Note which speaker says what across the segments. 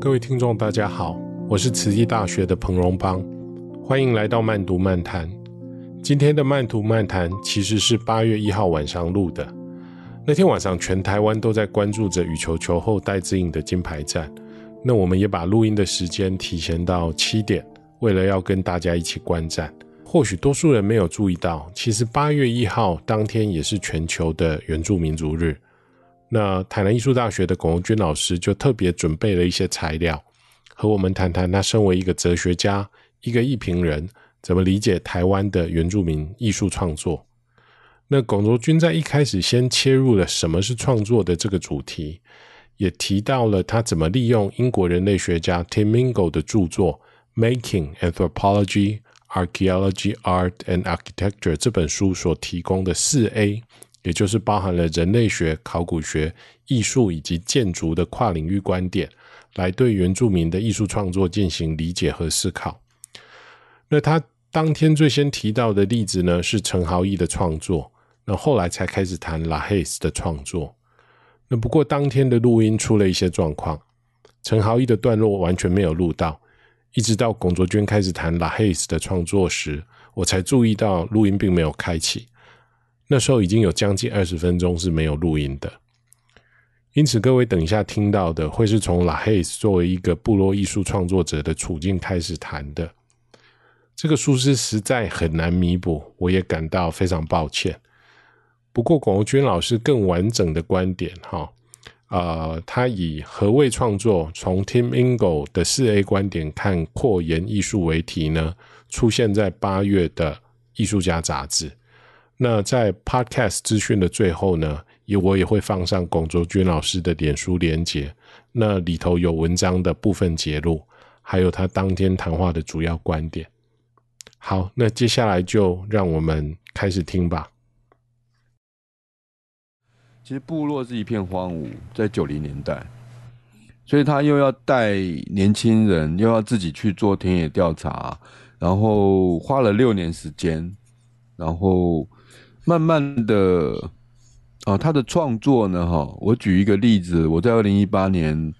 Speaker 1: 各位聽眾，大家好，我是慈濟大學的彭榮邦，歡迎來到慢讀漫談。今天的慢讀漫談其實是八月一號晚上錄的，那天晚上全台灣都在關注着羽球球後戴資穎的金牌戰，那我們也把錄音的時間提前到七點。為了要跟大家一起觀戰，或許多數人沒有注意到，其實八月一號當天也是全球的原住民族日。那台南藝術大學的龔卓軍老師就特別準備了一些材料，和我們談談他身為一個哲學家、一個藝評人，怎麼理解台灣的原住民藝術創作。那龔卓軍在一開始先切入了什麼是創作的這個主題，也提到了他怎麼利用英國人類學家 Tim Ingold 的著作。Making Anthropology, Archaeology, Art and Architecture 這本書所提供的四 A，也就是包含了人類學、考古學、藝術以及建築的跨領域觀點，來對原住民的藝術創作進行理解和思考。那他當天最先提到的例子呢，是陳豪毅的創作，那後來才開始談拉黑子的創作。那不過當天的錄音出了一些狀況，陳豪毅的段落完全沒有錄到。一直到龔卓軍開始談拉黑子的創作時，我才注意到錄音並沒有開啟。那時候已經有將近二十分鐘是沒有錄音的，因此各位等一下聽到的會是從拉黑子作為一個部落藝術創作者的處境開始談的。這個疏失實在很難彌補，我也感到非常抱歉。不過龔卓軍老師更完整的觀點，哈。呃，他以“何謂創作？從 Tim Ingold 的四 A 觀點看擴延藝術”為題呢，出現在八月的藝術家雜誌。那在 Podcast 資訊的最後呢，也我也會放上龔卓軍老師的臉書連結，那裡頭有文章的部分節錄，還有他當天談話的主要觀點。好，那接下來就讓我們開始聽吧。
Speaker 2: 其實部落是一片荒蕪，在九零年代，所以他又要帶年輕人，又要自己去做田野調查，然後花了六年時間，然後慢慢的，哦、啊，他的創作呢，哈、哦，我舉一個例子，我在二零一八年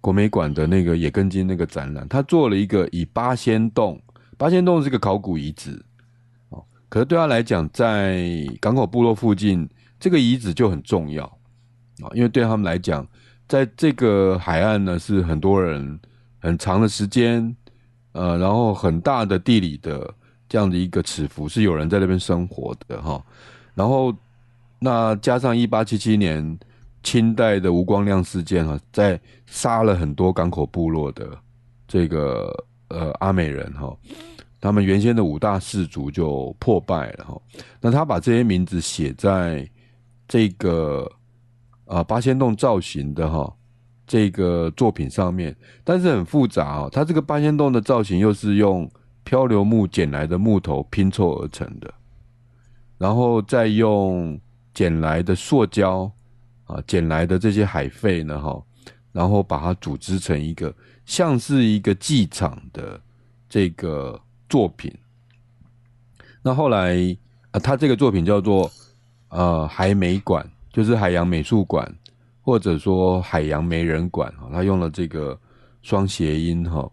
Speaker 2: 國美館的那個野根莖那個展覽，他做了一個以八仙洞，八仙洞是個考古遺址，哦，可是對他來講，在港口部落附近。這個遺址就很重要啊，因為對他們來講，在這個海岸呢，是很多人很長的時間，呃，然後很大的地理的這樣的一個尺幅是有人在那邊生活的哈、哦。然後那加上一八七七年清代的吳光亮事件、啊、在殺了很多港口部落的這個呃阿美人哈、哦，他們原先的五大氏族就破敗了哈、哦。那他把這些名字寫在。這個啊，八仙洞造型的哈，這個作品上面，但是很複雜啊。它這個八仙洞的造型又是用漂流木撿來的木頭拼湊而成的，然後再用撿來的塑膠啊，撿來的這些海廢呢，哈，然後把它組織成一個像是一個祭場的這個作品。那後來啊，他這個作品叫做。呃，海美館，就是海洋美術館，或者說海洋沒人管哈。他用了這個雙諧音哈。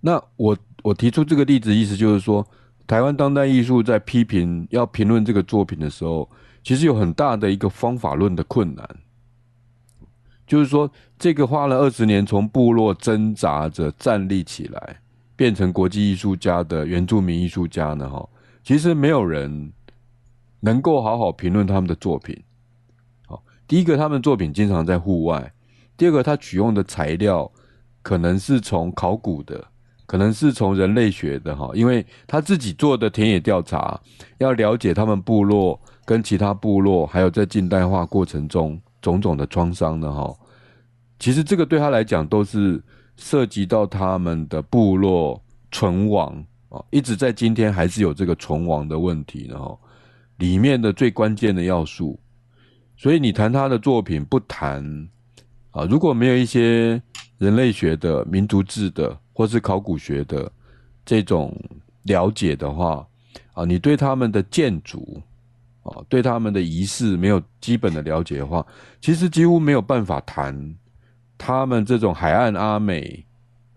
Speaker 2: 那我我提出這個例子，意思就是說，台灣當代藝術在批評要評論這個作品的時候，其實有很大的一個方法論的困難，就是說，這個花了二十年，從部落掙扎着站立起來，變成國際藝術家的原住民藝術家呢哈，其實沒有人。能夠好好評論他們的作品，好，第一個，他們的作品經常在戶外，第二個，他取用的材料可能是從考古的，可能是從人類學的，哈，因為他自己做的田野調查，要了解他們部落跟其他部落，還有在近代化過程中種種的創傷的，哈，其實這個對他來講都是涉及到他們的部落存亡哦，一直在今天還是有這個存亡的問題的。哈。裡面的最關鍵的要素，所以你談他的作品，不談啊，如果沒有一些人類學的、民族志的，或是考古學的這種了解的話，啊，你對他們的建築啊，對他們的儀式沒有基本的了解的話，其實幾乎沒有辦法談他們這種海岸阿美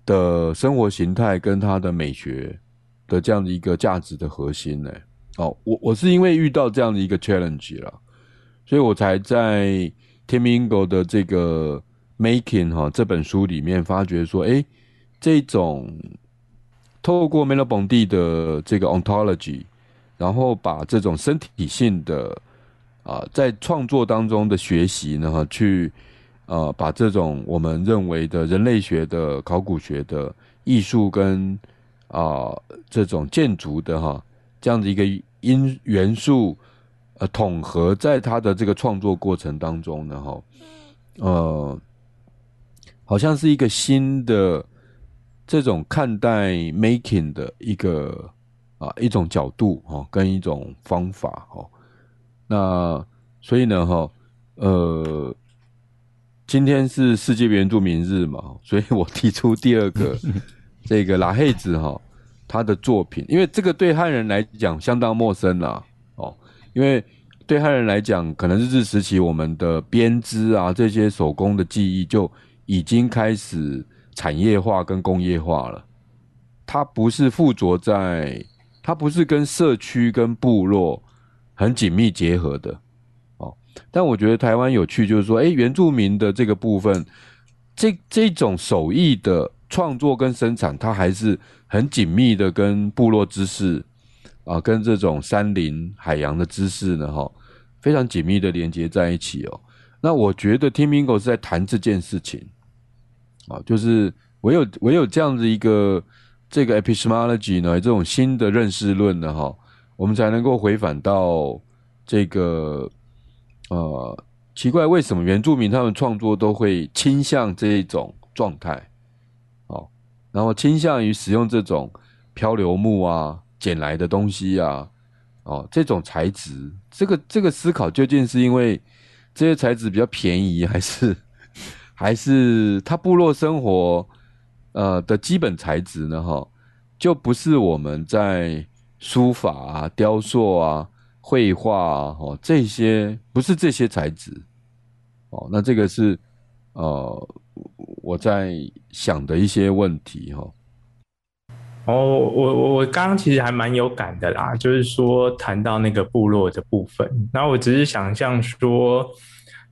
Speaker 2: 的生活形態跟他的美學的這樣的一個價值的核心呢、欸。哦，我我是因為遇到這樣的一個 challenge 了，所以我才在 Tim Ingold 的這個 Making 哈、啊、這本書裡面發覺說，誒、欸，這種透過 Merleau-Ponty 的這個 Ontology，然後把這種身體性的啊，在創作當中的學習呢，去呃、啊、把這種我們認為的人類學的、考古學的、藝術跟啊這種建築的哈。啊這樣的一個因元素呃，統合，在他的這個創作過程當中呢，哈、哦，呃，好像是一個新的這種看待 making 的一個啊一種角度哈、哦，跟一種方法哈、哦。那所以呢，哈、哦，呃，今天是世界原住民日嘛，所以我提出第二個 這個拉黑子哈。哦他的作品，因為這個對漢人來講相當陌生了、啊、哦，因為對漢人來講，可能是日治時期我們的編織啊這些手工的技藝就已經開始產業化跟工業化了，它不是附着在，它不是跟社區跟部落很緊密結合的哦。但我覺得台灣有趣就是說，誒原住民的這個部分，這這種手藝的。創作跟生產，它還是很緊密的跟部落知識啊，跟這種山林、海洋的知識呢，哈，非常緊密的連接在一起哦。那我覺得 Tim Ingold 是在談這件事情，啊，就是唯有唯有這樣子一個這個 epistemology 呢，這種新的認識論呢，哈，我們才能夠回返到這個呃，奇怪為什麼原住民他們創作都會傾向這一種狀態。然後傾向於使用這種漂流木啊、撿來的東西啊，哦，這種材質，這個這個思考究竟是因為這些材質比較便宜，還是還是他部落生活呃的基本材質呢？哈、哦，就不是我們在書法啊、雕塑啊、繪畫啊，哈、哦，這些不是這些材質，哦，那這個是呃。我在想的一些問題，哦、oh,
Speaker 3: 我，我我我剛剛其實還蠻有感的啦，就是說談到那個部落的部分，然後我只是想象說，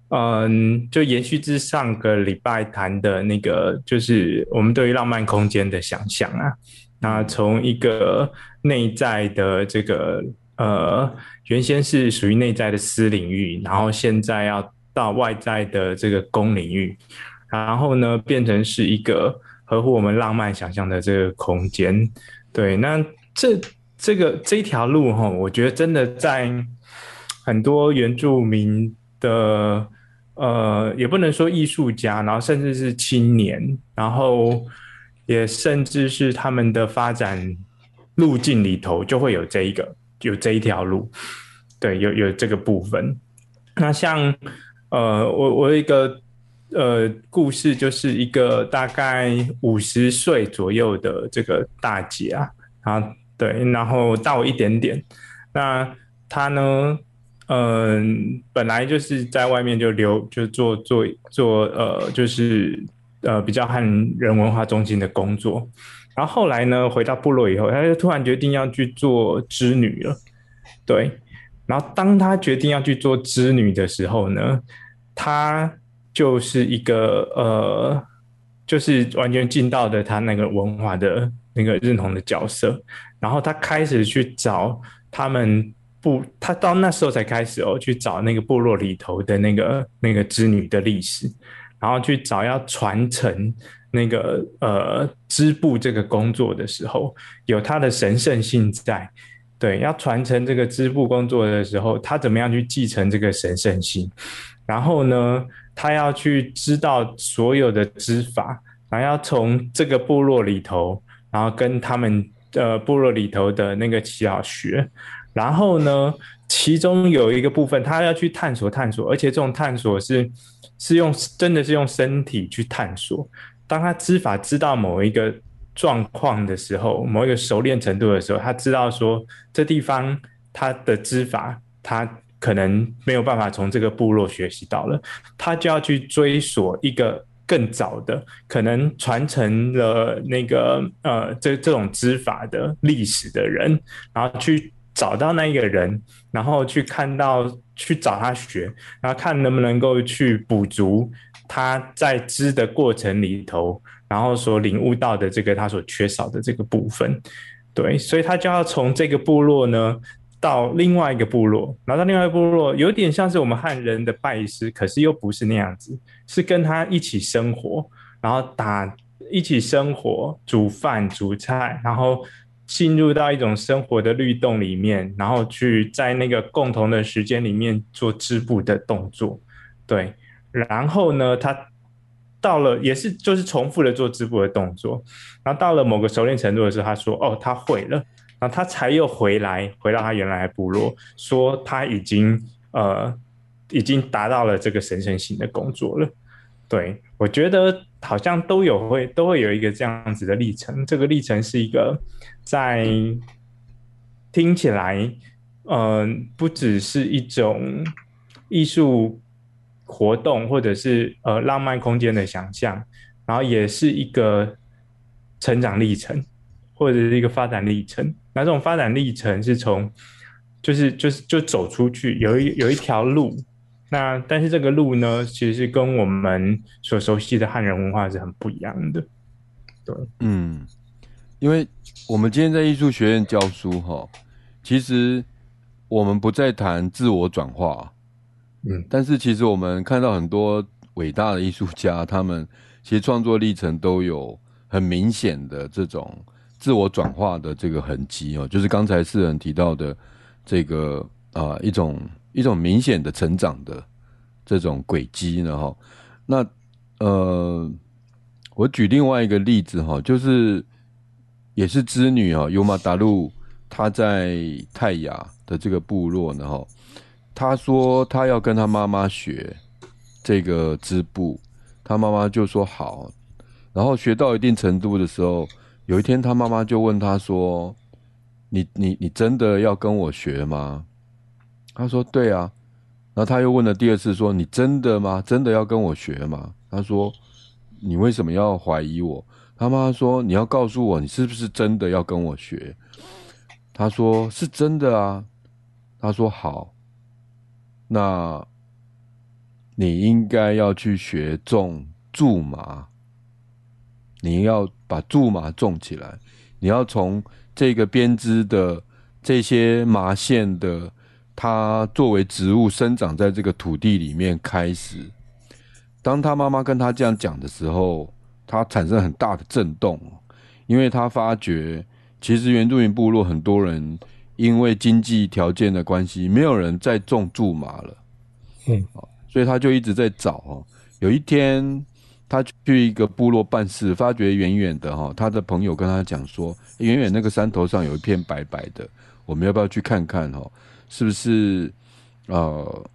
Speaker 3: 嗯，就延續至上個禮拜談的那個，就是我們對於浪漫空間的想象啊，那從一個內在的這個呃，原先是屬於內在的私領域，然後現在要到外在的這個公領域。然後呢，變成是一個合乎我們浪漫想象的這個空間，對。那這這個這一條路哦，我覺得真的在很多原住民的呃，也不能說藝術家，然後甚至是青年，然後也甚至是他們的發展路徑裡頭，就會有這一個，有這一條路，對，有有這個部分。那像呃，我我有一個。呃，故事就是一個大概五十歲左右的這個大姐啊，啊，對，然後大我一點點。那她呢，嗯、呃，本來就是在外面就留就做做做呃，就是呃比較漢人文化中心的工作。然後後來呢，回到部落以後，她就突然決定要去做織女了。對，然後當她決定要去做織女的時候呢，她。就是一個呃，就是完全進到的他那個文化的那個認同的角色，然後他開始去找他們部，他到那時候才開始哦，去找那個部落裡頭的那個那個織女的歷史，然後去找要傳承那個呃織布這個工作的時候，有他的神聖性在，對，要傳承這個織布工作的時候，他怎麼樣去繼承這個神聖性？然後呢，他要去知道所有的織法，然後要從這個部落裡頭，然後跟他們的、呃、部落裡頭的那個耆老學，然後呢，其中有一個部分，他要去探索探索，而且這種探索是是用真的是用身體去探索。當他織法知道某一個狀況的時候，某一個熟練程度的時候，他知道說這地方他的織法他。可能沒有辦法從這個部落學習到了，他就要去追索一個更早的，可能傳承了那個呃這這種織法的歷史的人，然後去找到那一個人，然後去看到去找他學，然後看能不能夠去補足他在織的過程裡頭，然後所領悟到的這個他所缺少的這個部分，對，所以他就要從這個部落呢。到另外一個部落，然後到另外一個部落，有點像是我們漢人的拜師，可是又不是那樣子，是跟他一起生活，然後打一起生活，煮飯煮菜，然後進入到一種生活的律動裡面，然後去在那個共同的時間裡面做織布的動作，對，然後呢，他到了也是就是重複的做織布的動作，然後到了某個熟練程度的時候，他說：“哦，他會了。”那他才又回來，回到他原來的部落，說他已經呃，已經達到了這個神聖性的工作了。對，我覺得好像都有會，都會有一個這樣子的歷程，這個歷程是一個在聽起來，嗯、呃，不只是一種藝術活動或者是呃浪漫空間的想象，然後也是一個成長歷程或者是一個發展歷程。那種發展歷程是從，就是就是就走出去，有一有一條路。那但是這個路呢，其實是跟我們所熟悉的漢人文化是很不一樣的。對，嗯，因
Speaker 2: 為我們今天在藝術學院教書齁，其實我們不再談自我轉化。嗯，但是其實我們看到很多偉大的藝術家，他們其實創作歷程都有很明顯的這種。自我轉化的這個痕跡哦，就是剛才士恆提到的這個啊、呃、一種一種明顯的成長的這種軌跡呢哈。那呃，我舉另外一個例子哈，就是也是織女啊，尤瑪．達陸，她在泰雅的這個部落呢哈，她說她要跟她媽媽學這個織布，她媽媽就說好，然後學到一定程度的時候。有一天，他媽媽就問他說：“你、你、你真的要跟我學嗎？”他說：“對啊。”然後他又問了第二次說：“你真的嗎？真的要跟我學嗎？”他說：“你為什麼要懷疑我？”他媽說：“你要告訴我，你是不是真的要跟我學？”他說：“是真的啊。”他說：“好，那你應該要去學種苧麻，你要。”把苧麻種起來，你要從這個編織的這些麻線的，它作為植物生長在這個土地裡面開始。當他媽媽跟他這樣講的時候，他產生很大的震動，因為他發覺其實原住民部落很多人因為經濟條件的關係，沒有人再種苧麻了。嗯是，所以他就一直在找哦，有一天。他去一個部落辦事，發覺遠遠的哈，他的朋友跟他講說，遠遠那個山頭上有一片白白的，我們要不要去看看哈？是不是，呃，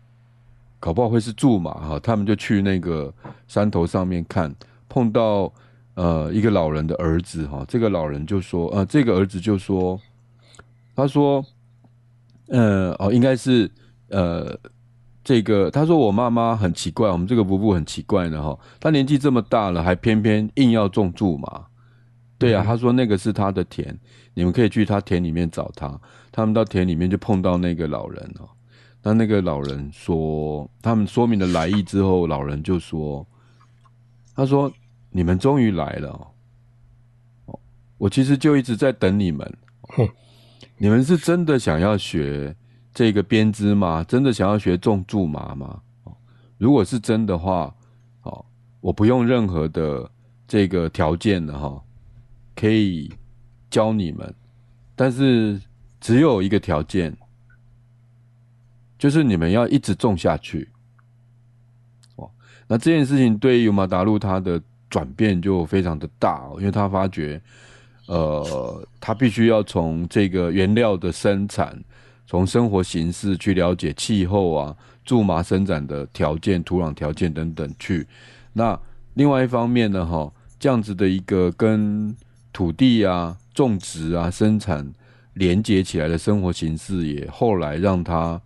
Speaker 2: 搞不好會是苧麻哈？他們就去那個山頭上面看，碰到呃一個老人的兒子哈，這個老人就說，呃，這個兒子就說，他說，嗯，哦，應該是呃。這個他說我媽媽很奇怪，我們這個伯伯很奇怪呢哈、哦。他年紀這麼大了，還偏偏硬要種苧麻。對啊，他、嗯、說那個是他的田，你們可以去他田裡面找他。他們到田裡面就碰到那個老人那、哦、那個老人說，他們說明了來意之後，老人就說：“他說你們終於來了。我其實就一直在等你們。哼你們是真的想要學？”這個編織嘛，真的想要學種苧麻嗎？哦，如果是真的話，哦，我不用任何的這個條件了。哈，哦，可以教你們，但是只有一個條件，就是你們要一直種下去。哦，那這件事情對於馬達路他的轉變就非常的大，哦，因為他發覺，呃，他必須要從這個原料的生產。從生活形式去了解氣候啊，苎麻生長的條件、土壤條件等等去。那另外一方面呢，哈，這樣子的一個跟土地啊、種植啊、生產連接起來的生活形式，也後來讓他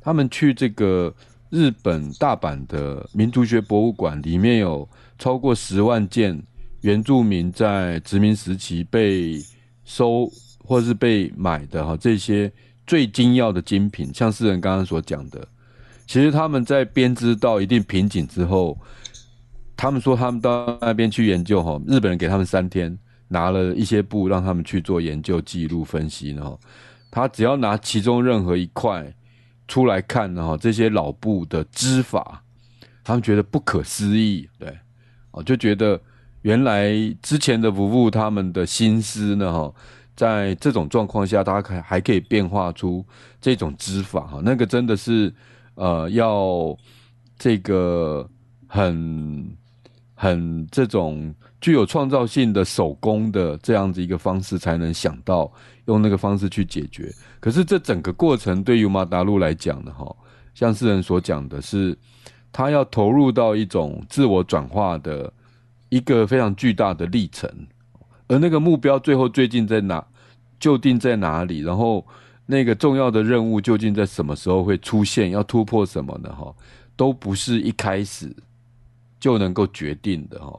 Speaker 2: 他們去這個日本大阪的民族學博物館，裡面有超過十萬件原住民在殖民時期被收或是被買的哈這些。最精要的精品，像士恆剛剛所講的，其實他們在編織到一定瓶頸之後，他們說他們到那邊去研究哈，日本人給他們三天，拿了一些布讓他們去做研究、記錄、分析，然後他只要拿其中任何一塊出來看，哈，這些老布的織法，他們覺得不可思議，對，就覺得原來之前的 vuvu 他們的心思呢，哈。在這種狀況下，大家可還可以變化出這種織法哈，那個真的是呃，要這個很很這種具有創造性的手工的這樣子一個方式才能想到用那個方式去解決。可是這整個過程對尤瑪‧達陸來講的哈，像詩人所講的是，他要投入到一種自我轉化的一個非常巨大的歷程。而那個目標最後最近在哪？究竟在哪裡？然後那個重要的任務究竟在什麼時候會出現？要突破什麼呢？哈，都不是一開始就能夠決定的哈。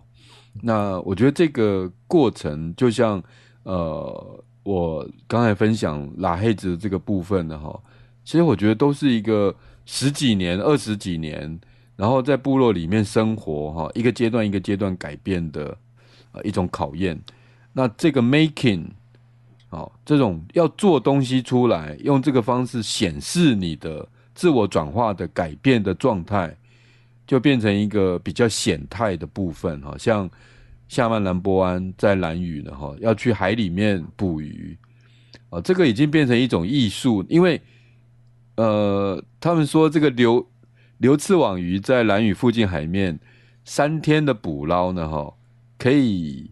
Speaker 2: 那我覺得這個過程就像呃，我剛才分享拉黑子的這個部分的哈，其實我覺得都是一個十幾年、二十幾年，然後在部落裡面生活哈，一個階段一個階段改變的呃一種考驗。那這個 making，哦，這種要做東西出來，用這個方式顯示你的自我轉化的改變的狀態，就變成一個比較顯態的部分哈、哦。像夏曼藍波安在蘭嶼呢哈、哦，要去海裡面捕魚啊、哦，這個已經變成一種藝術，因為呃，他們說，這個流流刺網魚在蘭嶼附近海面三天的捕撈呢哈、哦，可以。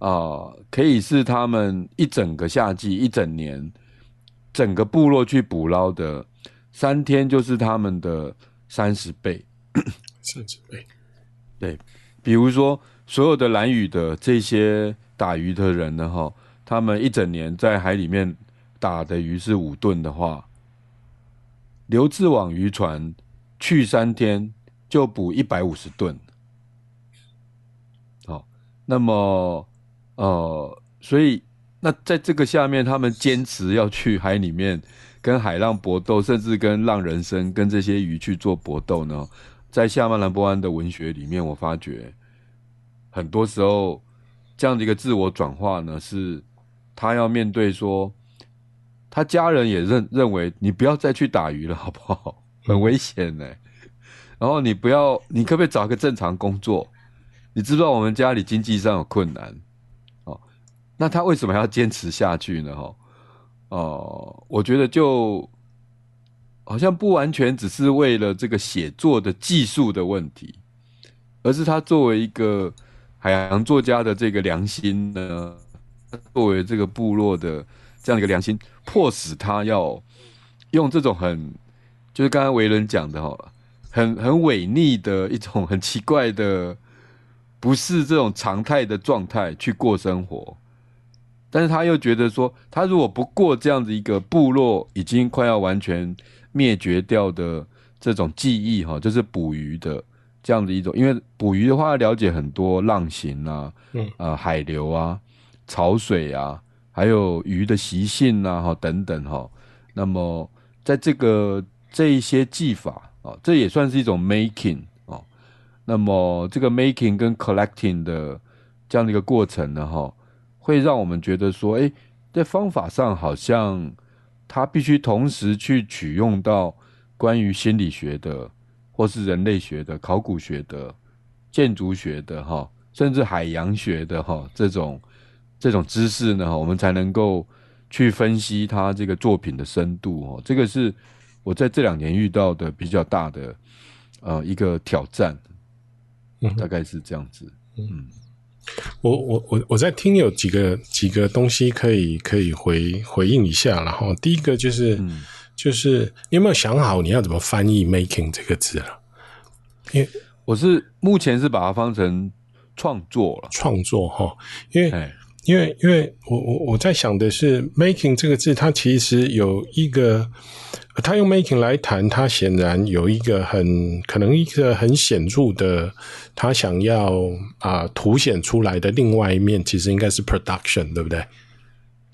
Speaker 2: 啊、呃，可以是他們一整個夏季、一整年、整個部落去捕撈的三天，就是他們的三十倍。
Speaker 1: 三十倍，
Speaker 2: 對。比如說，所有的蘭嶼的這些打魚的人呢，哈，他們一整年在海裡面打的魚是五噸的話，流刺網漁船去三天就捕一百五十噸。好、哦，那麼。哦、呃，所以那在這個下面，他們堅持要去海裡面跟海浪搏鬥，甚至跟浪人生跟這些魚去做搏鬥呢。在夏曼蘭波安的文學裡面，我發覺很多時候這樣的一個自我轉化呢，是他要面對說，他家人也認認為你不要再去打魚了，好不好？很危險耶。然後你不要，你可不可以找個正常工作？你知不知道我們家裡經濟上有困難？那他為什麼還要堅持下去呢？哈，哦，我覺得就好像不完全只是為了這個寫作的技術的問題，而是他作為一個海洋作家的這個良心呢，作為這個部落的這樣一個良心，迫使他要用這種很，就是剛才維倫講的哈，很很違逆的一種很奇怪的，不是這種常態的狀態去過生活。但是他又覺得說，他如果不過這樣子一個部落已經快要完全滅絕掉的這種技藝哈，就是捕魚的這樣的一種，因為捕魚的話了解很多浪型啊，嗯，呃，海流啊、潮水啊，還有魚的習性啊哈等等哈。那麼在這個這一些技法啊，這也算是一種 making 啊。那麼這個 making 跟 collecting 的這樣的一個過程呢哈。會讓我們覺得說，哎，在方法上好像他必須同時去取用到關於心理學的，或是人類學的、考古學的、建築學的，哈，甚至海洋學的，哈，這種這種知識呢，我們才能夠去分析他這個作品的深度，哈，這個是我在這兩年遇到的比較大的呃一個挑戰，大概是這樣子，嗯，哼嗯。
Speaker 1: 我我我我在聽，有幾個幾個東西可以可以回回應一下，然後第一個就是、嗯、就是你有沒有想好你要怎麼翻譯 “making” 這個字了？
Speaker 2: 因為我是目前是把它翻成創作了，創作哈，因為。因為，因
Speaker 1: 為我我我在想的是 “making” 這個字，它其實有一個，它用 “making” 來談，它顯然有一個很可能一個很顯著的，他想要啊、呃、凸顯出來的另外一面，其實應該是 “production”，對不對？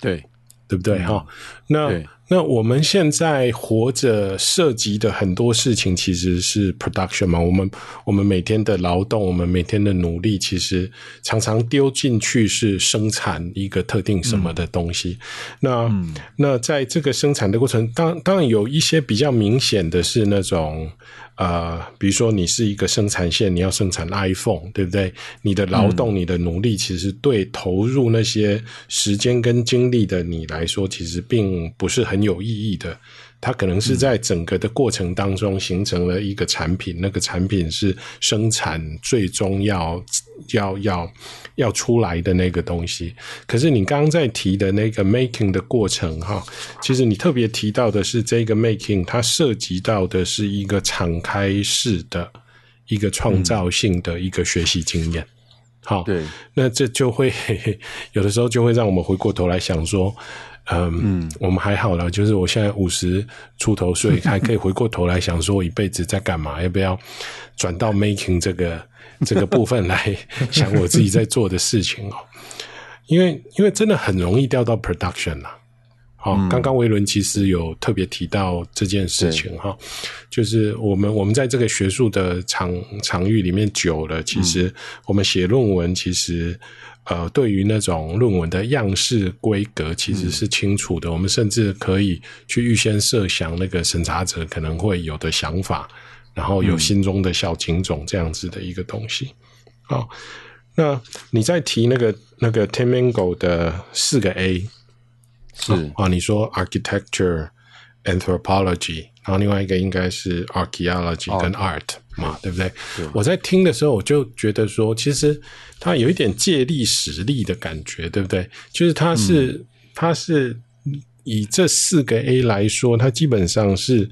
Speaker 1: 對，對不對？哈、嗯 oh，那。那我們現在活着涉及的很多事情，其實是 production 嘛？我們我們每天的勞動，我們每天的努力，其實常常丟進去是生產一個特定什麼的東西。嗯、那那在這個生產的過程，當然當然有一些比較明顯的是那種。呃，比如說你是一個生產線，你要生產 iPhone，對不對？你的勞動、嗯、你的努力，其實對投入那些時間跟精力的你來說，其實並不是很有意義的。它可能是在整個的過程當中形成了一個產品，嗯、那個產品是生產最終要要要要出來的那個東西。可是你剛剛在提的那個 making 的過程，哈，其實你特別提到的是這個 making，它涉及到的是一個敞開式的一個創造性的一個學習經驗。嗯、好，對，那這就會，嘿嘿，有的時候就會讓我們回過頭來想說。Um, 嗯，我們還好了，就是我現在五十出頭，所以還可以回過頭來想說，我一輩子在幹嘛？ 要不要轉到 making 這個這個部分來想我自己在做的事情哦？ 因為因為真的很容易掉到 production 了、啊。好、哦，嗯、剛剛維倫其實有特別提到這件事情對、哦、就是我們我們在這個學術的場場域裡面久了，其實我們寫論文其實。呃，對於那種論文的樣式規格，其實是清楚的。嗯、我們甚至可以去預先設想那個審查者可能會有的想法，然後有心中的小情種這樣子的一個東西。好、嗯哦，那你再提那個那個 Tim Ingold 的四個 A 是啊、哦哦，你說 Architecture Anthropology。然後另外一個應該是 archaeology 跟 art 嘛，oh, 對不對？對。我在聽的時候我就覺得說，其實它有一點借力使力的感覺，對不對？就是它是、嗯、它是以這四個 A 來說，它基本上是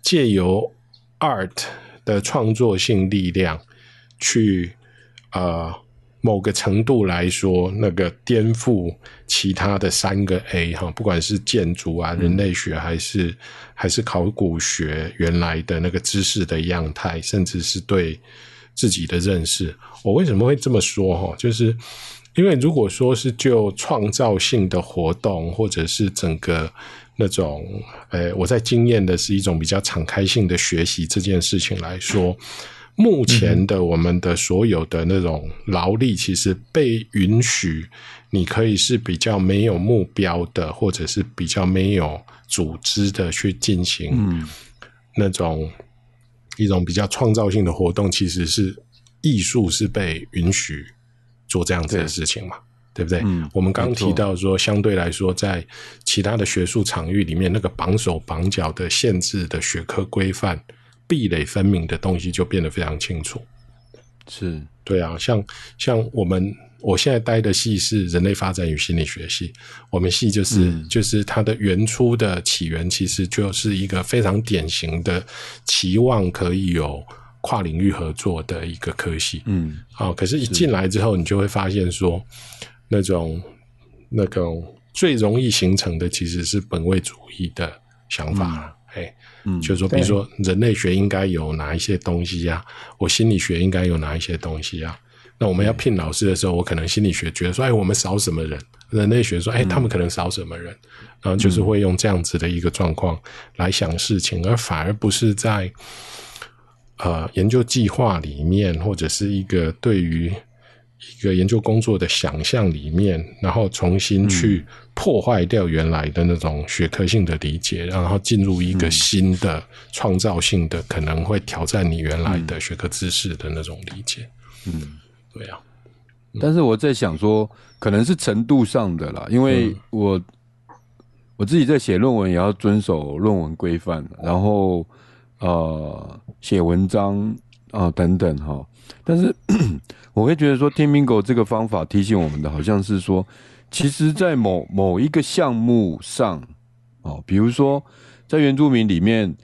Speaker 1: 借由 art 的創作性力量去呃某個程度來說，那個顛覆其他的三個 A 哈，不管是建築啊、人類學還是。嗯還是考古學原來的那個知識的樣態，甚至是對自己的認識。我為什麼會這麼說？就是因為如果說是就創造性的活動，或者是整個那種，哎，我在經驗的是一種比較敞開性的學習這件事情來說，目前的我們的所有的那種勞力，其實被允許你可以是比較沒有目標的，或者是比較沒有。組織的去進行那種一種比較創造性的活動，嗯、其實是藝術是被允許做這樣子的事情嘛，對，對不對？嗯、我們剛，剛提到說，沒錯。相對來說，在其他的學術場域裡面，那個綁手綁腳的限制的學科規範、壁壘分明的東西，就變得非常清楚。是，對啊，像像我們。我現在待的系是人類發展與心理學系，我們系就是、嗯、就是它的原初的起源，其實就是一個非常典型的期望可以有跨領域合作的一個科系，嗯，啊、哦，可是，一進來之後，你就會發現說，那種的那種最容易形成的其實是本位主義的想法，哎，嗯，欸、嗯就是說比如說人類學應該有哪一些東西呀，我心理學應該有哪一些東西啊。對那我們要聘老師的時候，我可能心理學覺得說，哎，我們少什麼人？人類學說，哎，他們可能少什麼人？嗯、然後就是會用這樣子的一個狀況來想事情，嗯、而反而不是在呃研究計劃裡面，或者是一個對於一個研究工作的想象裡面，然後重新去破壞掉原來的那種學科性的理解，嗯、然後進入一個新的創造性的，嗯、可能會挑戰你原來的學科知識的那種理解。嗯。嗯對
Speaker 2: 啊，嗯、但是我在想說，可能是程度上的啦，因為我、嗯、我自己在寫論文也要遵守論文規範，哦、然後呃寫文章啊、呃、等等哈、哦。但是 我會覺得說，Tim Ingold 這個方法提醒我們的好像是說，其實，在某某一個項目上哦，比如說在原住民裡面，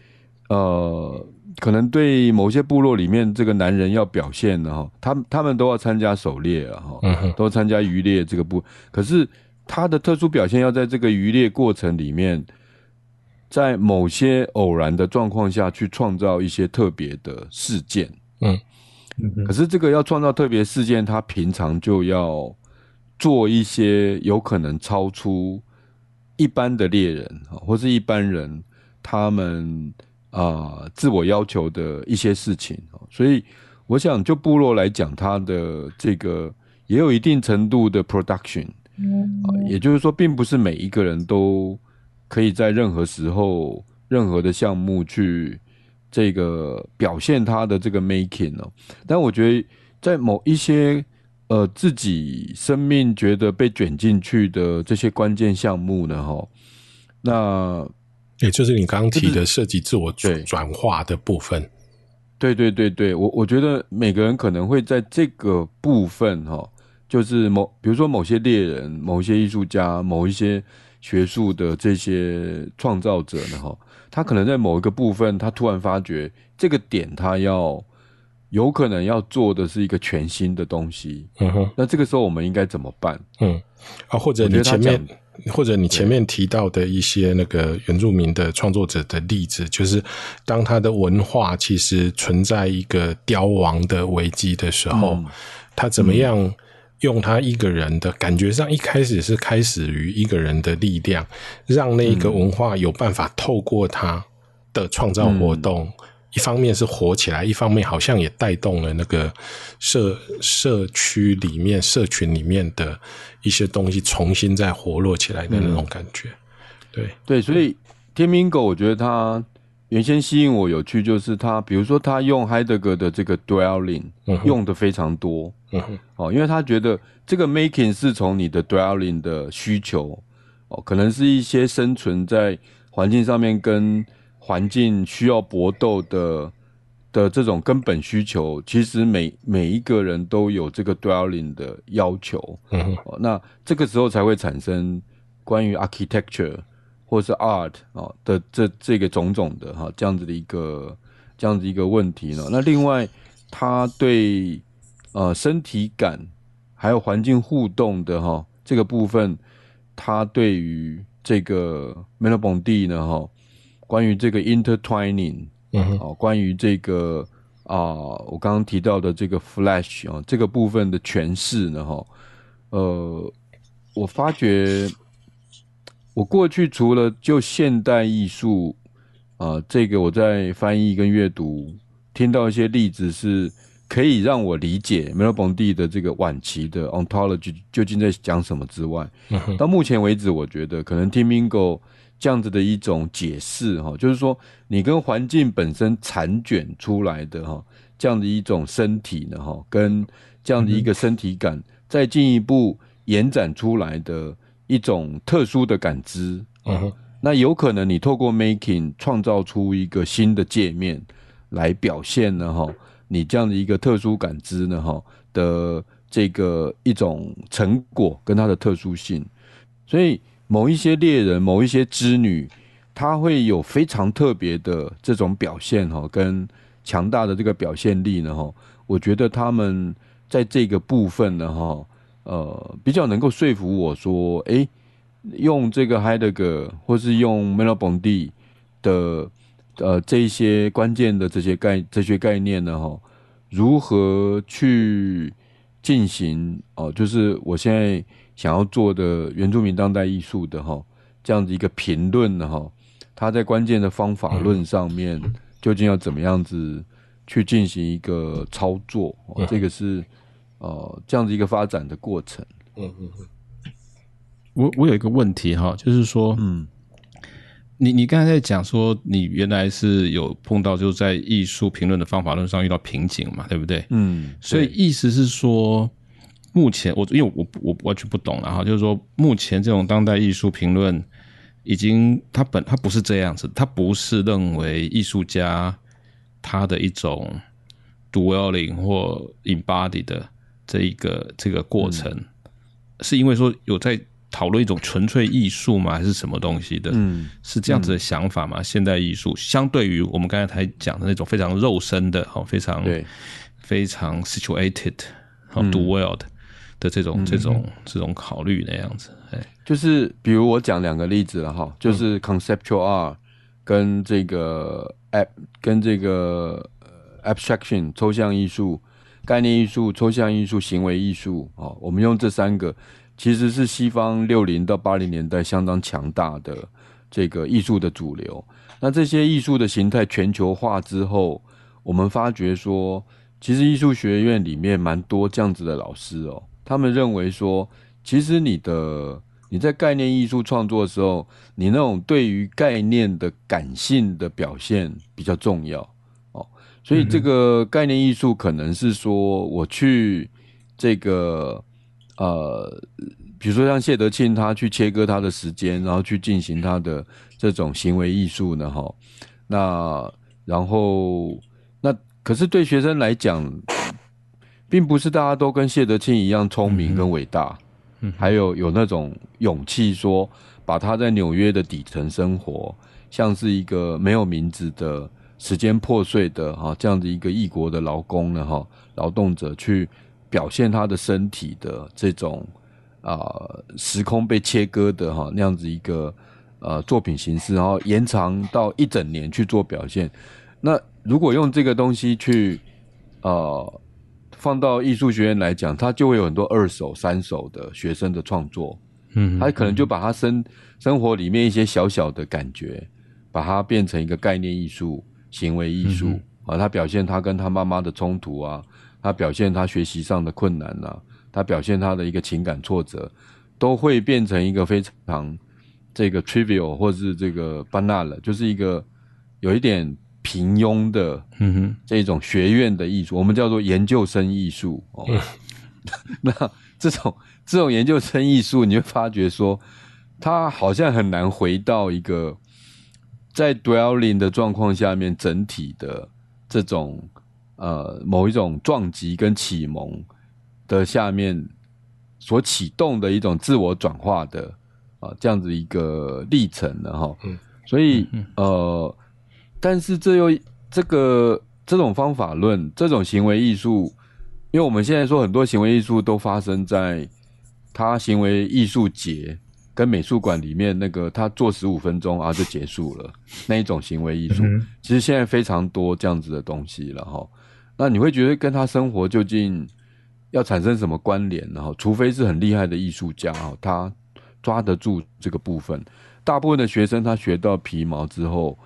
Speaker 2: 呃。可能對某些部落裡面，這個男人要表現的、哦、哈，他們他們都要參加狩獵啊、哦，哈、嗯哼，都參加漁獵這個部。可是他的特殊表現要在這個漁獵過程裡面，在某些偶然的狀況下去創造一些特別的事件。嗯，嗯可是這個要創造特別事件，他平常就要做一些有可能超出一般的獵人啊，或是一般人他們。啊、呃，自我要求的一些事情，所以我想就部落來講，他的這個也有一定程度的 production，呃，也就是說，並不是每一個人都可以在任何時候、任何的項目去這個表現他的這個 making 哦。但我覺得，在某一些呃自己生命覺得被捲進去的這些關鍵項目呢，哈，那。對、欸，就是你剛剛提的涉及自我轉化的部分。就是、對對對對，我我覺得每個人可能會在這個部分哈、哦，就是某比如說某些獵人、某些藝術家、某一些學術的這些創造者呢哈、哦，他可能在某一個部分，他突然發覺這個點，他要有可能要做的是一個全新的東西。嗯、哼那這個時候我們應該怎麼辦？
Speaker 1: 嗯
Speaker 2: 啊，或者你前面。
Speaker 1: 或者你前面提到的一些那個原住民的創作者的例子，就是當他的文化其實存在一個凋亡的危機的時候，他怎麼樣用他一個人的感覺上，一開始是開始於一個人的力量，讓那個文化有辦法透過他的創造活動。一方面是火起來，一方面好像也帶動了那個社社區裡面社群裡面的一些東西重新再活絡起來的那種感覺。對、嗯、
Speaker 2: 對，嗯、所以 Tim Ingold，我覺得它原先吸引我有趣，就是它比如說它用海德格的這個 dwelling 用的非常多，嗯嗯、哦，因為他覺得這個 making 是從你的 dwelling 的需求，哦，可能是一些生存在環境上面跟。環境需要搏鬥的的這種根本需求，其實每每一個人都有這個 dwelling 的要求、嗯哼哦。那這個時候才會產生關於 architecture 或是 art 啊、哦、的這這個種種的哈、哦、這樣子的一個這樣子一個問題呢。那另外，他對呃身體感還有環境互動的哈、哦、這個部分，他對於這個梅洛龐蒂呢哈。哦關於這個 intertwining，、嗯哼哦、關於這個啊、呃，我剛剛提到的這個 flash 啊、哦，這個部分的詮釋呢，哈、哦，呃，我發覺我過去除了就現代藝術啊，這個我在翻譯跟閱讀聽到一些例子是可以讓我理解梅洛龐蒂的這個晚期的 ontology 究竟在講什麼之外，嗯、哼到目前為止，我覺得可能 Tim Ingold。這樣子的一種解釋哈，就是說你跟環境本身纏卷出來的哈，這樣的一種身體呢哈，跟這樣的一個身體感，再進一步延展出來的一種特殊的感知，嗯、哼那有可能你透過 making 創造出一個新的界面來表現呢哈，你這樣的一個特殊感知呢哈的這個一種成果跟它的特殊性，所以。某一些獵人，某一些織女，他會有非常特別的這種表現哈，跟強大的這個表現力呢哈。我覺得他們在這個部分呢哈，呃，比較能夠說服我說，哎、欸，用這個海德格或是用梅洛龐蒂的呃這一些關鍵的這些概這些概念呢哈，如何去進行哦、呃，就是我現在想要做的原住民當代藝術的哈，這樣子一個評論的哈，它在關鍵的方法論上面、嗯、究竟要怎麼樣子去進行一個操作？嗯、這個是呃這樣子一個發展的過程。嗯嗯嗯。我我有一個問題哈，就是說，嗯，你你剛才在講說你原來是有碰到
Speaker 1: 就是在藝術評論的方法論上遇到瓶頸嘛，對不對？嗯。所以意思是說。
Speaker 2: 目前我因為我我，我完全不懂，然後就是說，目前這種當代藝術評論已經，它本它不是這樣子，它不是認為藝術家他的一種 dwelling 或 embody 的這一個這個過程，嗯、是因為說有在討論一種純粹藝術
Speaker 3: 嗎？還是什麼東西的？嗯，是這樣子的想法嗎？嗯、現代藝術相對於我們剛才才講的那種非常肉身的哦，非常對 非常 situated 好、哦嗯、
Speaker 2: dwell 的。的這種這種、嗯、這種考慮的樣子，哎，就是比如我講兩個例子了哈，就是 conceptual art 跟這個 ab 跟這個 abstraction 抽象藝術、概念藝術、抽象藝術、行為藝術啊，我們用這三個其實是西方六零到八零年代相當強大的這個藝術的主流。那這些藝術的形態全球化之後，我們發覺說，其實藝術學院裡面蠻多這樣子的老師哦、喔。他們認為說，其實你的你在概念藝術創作的時候，你那種對於概念的感性的表現比較重要哦，所以這個概念藝術可能是說，我去這個呃，比如說像謝德慶他去切割他的時間，然後去進行他的這種行為藝術呢，哈、哦，那然後那可是對學生來講。並不是大家都跟謝德慶一樣聰明跟偉大，還有有那種勇氣說，把他在紐約的底層生活，像是一個沒有名字的時間破碎的哈這樣的一個異國的勞工呢哈勞動者去表現他的身體的這種啊、呃、時空被切割的哈那樣子一個呃作品形式，然後延長到一整年去做表現，那如果用這個東西去啊、呃。放到藝術學院來講，他就會有很多二手、三手的學生的創作，嗯，嗯，嗯，他可能就把他生生活裡面一些小小的感覺，把它變成一個概念藝術、行為藝術、嗯嗯、啊，他表現他跟他媽媽的衝突啊，他表現他學習上的困難啊，他表現他的一個情感挫折，都會變成一個非常這個 trivial 或是這個 banal，就是一個有一點。平庸的這種學院的藝術，嗯、哼我們叫做研究生藝術哦。嗯、 那這種這種研究生藝術，你會發覺說，它好像很難回到一個在 dwelling 的狀況下面整體的這種呃某一種撞擊跟啟蒙的下面所啟動的一種自我轉化的啊、呃、這樣子一個歷程然後哈。哦嗯、所以、嗯、哼呃。但是這又這個這種方法論，這種行為藝術，因為我們現在說很多行為藝術都發生在他行為藝術節跟美術館裡面，那個他做十五分鐘啊就結束了那一種行為藝術，嗯嗯其實現在非常多這樣子的東西了哈、哦。那你會覺得跟他生活究竟要產生什麼關聯呢、哦？除非是很厲害的藝術家哈、哦，他抓得住這個部分。大部分的學生他學到皮毛之後，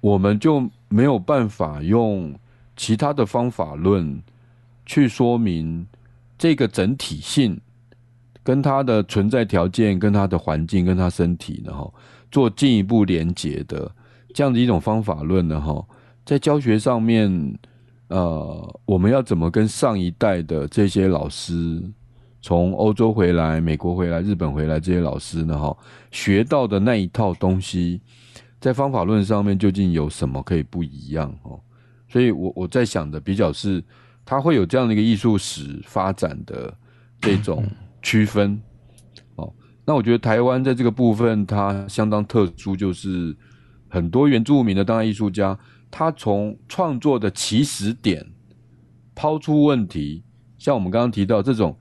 Speaker 2: 我們就沒有辦法用其他的方法論去說明這個整體性跟它的存在條件、跟它的環境、跟它身體然哈，做進一步連接的這樣的一種方法論呢？哈，在教學上面，呃，我們要怎麼跟上一代的這些老師，從歐洲回來、美國回來、日本回來這些老師呢？哈，學到的那一套東西。在方法論上面究竟有什麼可以不一樣哦？所以我，我我在想的比較是，他會有這樣的一個藝術史發展的這種區分哦。那我覺得台灣在這個部分，它相當特殊，就是很多原住民的當代藝術家，他從創作的起始點拋出問題，像我們剛剛提到這種。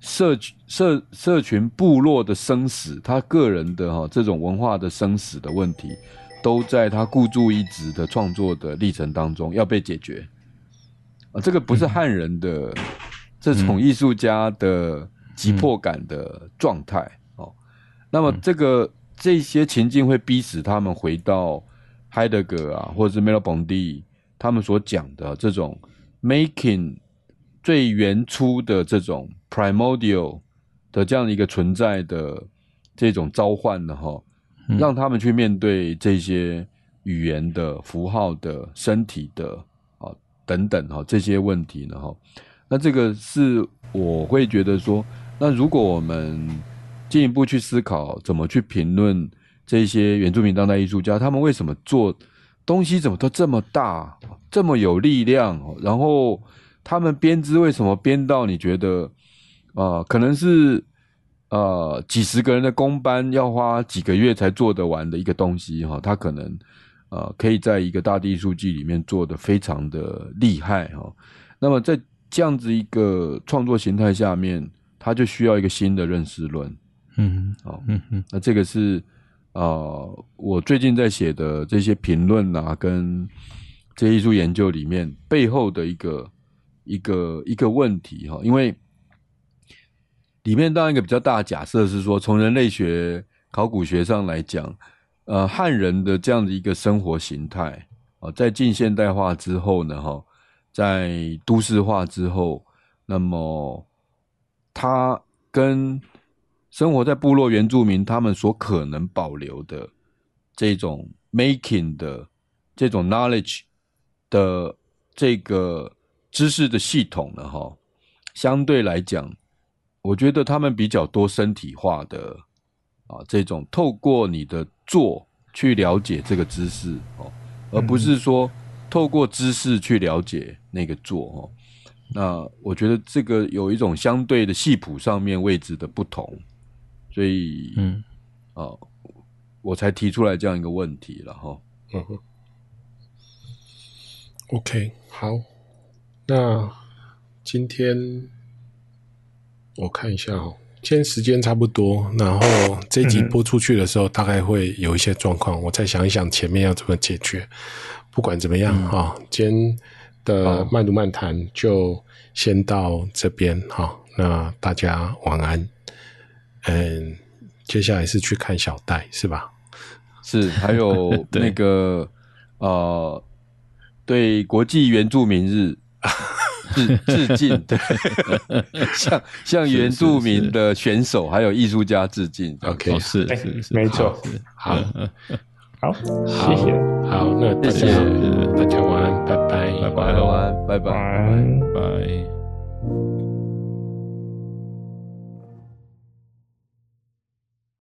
Speaker 2: 社群社社群部落的生死，他個人的哈、哦、這種文化的生死的問題，都在他孤注一擲的創作的歷程當中要被解決啊！這個不是漢人的、嗯、這種藝術家的急迫感的狀態、嗯嗯、哦。那麼這個這些情境會逼使他們回到海德格啊，或者是梅洛龐蒂他們所講的、啊、這種 making 最原初的這種。Primordial 的這樣一個存在的這種召喚呢，哈，讓他們去面對這些語言的符號的、身體的啊、哦、等等哈、哦、這些問題呢，哈，那這個是我會覺得說，那如果我們進一步去思考，怎麼去評論這些原住民當代藝術家，他們為什麼做東西，怎麼都這麼大、這麼有力量，然後他們編織為什麼編到你覺得？啊、呃，可能是呃幾十個人的工班要花幾個月才做得完的一個東西哈，他、哦、可能呃可以在一個大地藝術季裡面做得非常的厲害哈、哦。那麼在這樣子一個創作形態下面，他就需要一個新的認識論，嗯哼、哦、嗯哼，好，嗯嗯，那這個是呃我最近在寫的這些評論啊，跟這些藝術研究裡面背後的一個一個一個問題哈、哦，因為。裡面當然一個比較大的假設是說，從人類學、考古學上來講，呃，漢人的這樣的一個生活形態啊，在近現代化之後呢，哈，在都市化之後，那麼他跟生活在部落原住民他們所可能保留的這種 making 的這種 knowledge 的這個知識的系統呢，哈，相對來講。我覺得他們比較多身體化的啊，這種透過你的坐去了解這個姿勢哦，而不是說透過姿勢去了解那個坐哦。那我覺得這個有一種相對的系譜上面位置的不同，所以嗯，哦、啊，我才提出來這樣一個問題了哈。嗯、哦、哼。
Speaker 1: OK，好，那今天，我看一下哦，今天時間差不多，然後這一集播出去的時候，大概會有一些狀況，嗯嗯，我再想一想前面要怎麼解決。不管怎麼樣哈、嗯哦，今天的慢讀漫談就先到這邊哈、哦哦，那大家晚安。嗯，接下來是去看小戴是吧？
Speaker 2: 是，還有那個 對呃，對，國際原住民日。 致致敬，對，向向原住民的選手還有藝術家致敬。OK，是是是沒錯，
Speaker 1: 好，好，謝謝，好，那謝謝大家，晚安，拜拜，拜
Speaker 2: 拜，晚安，拜拜，拜。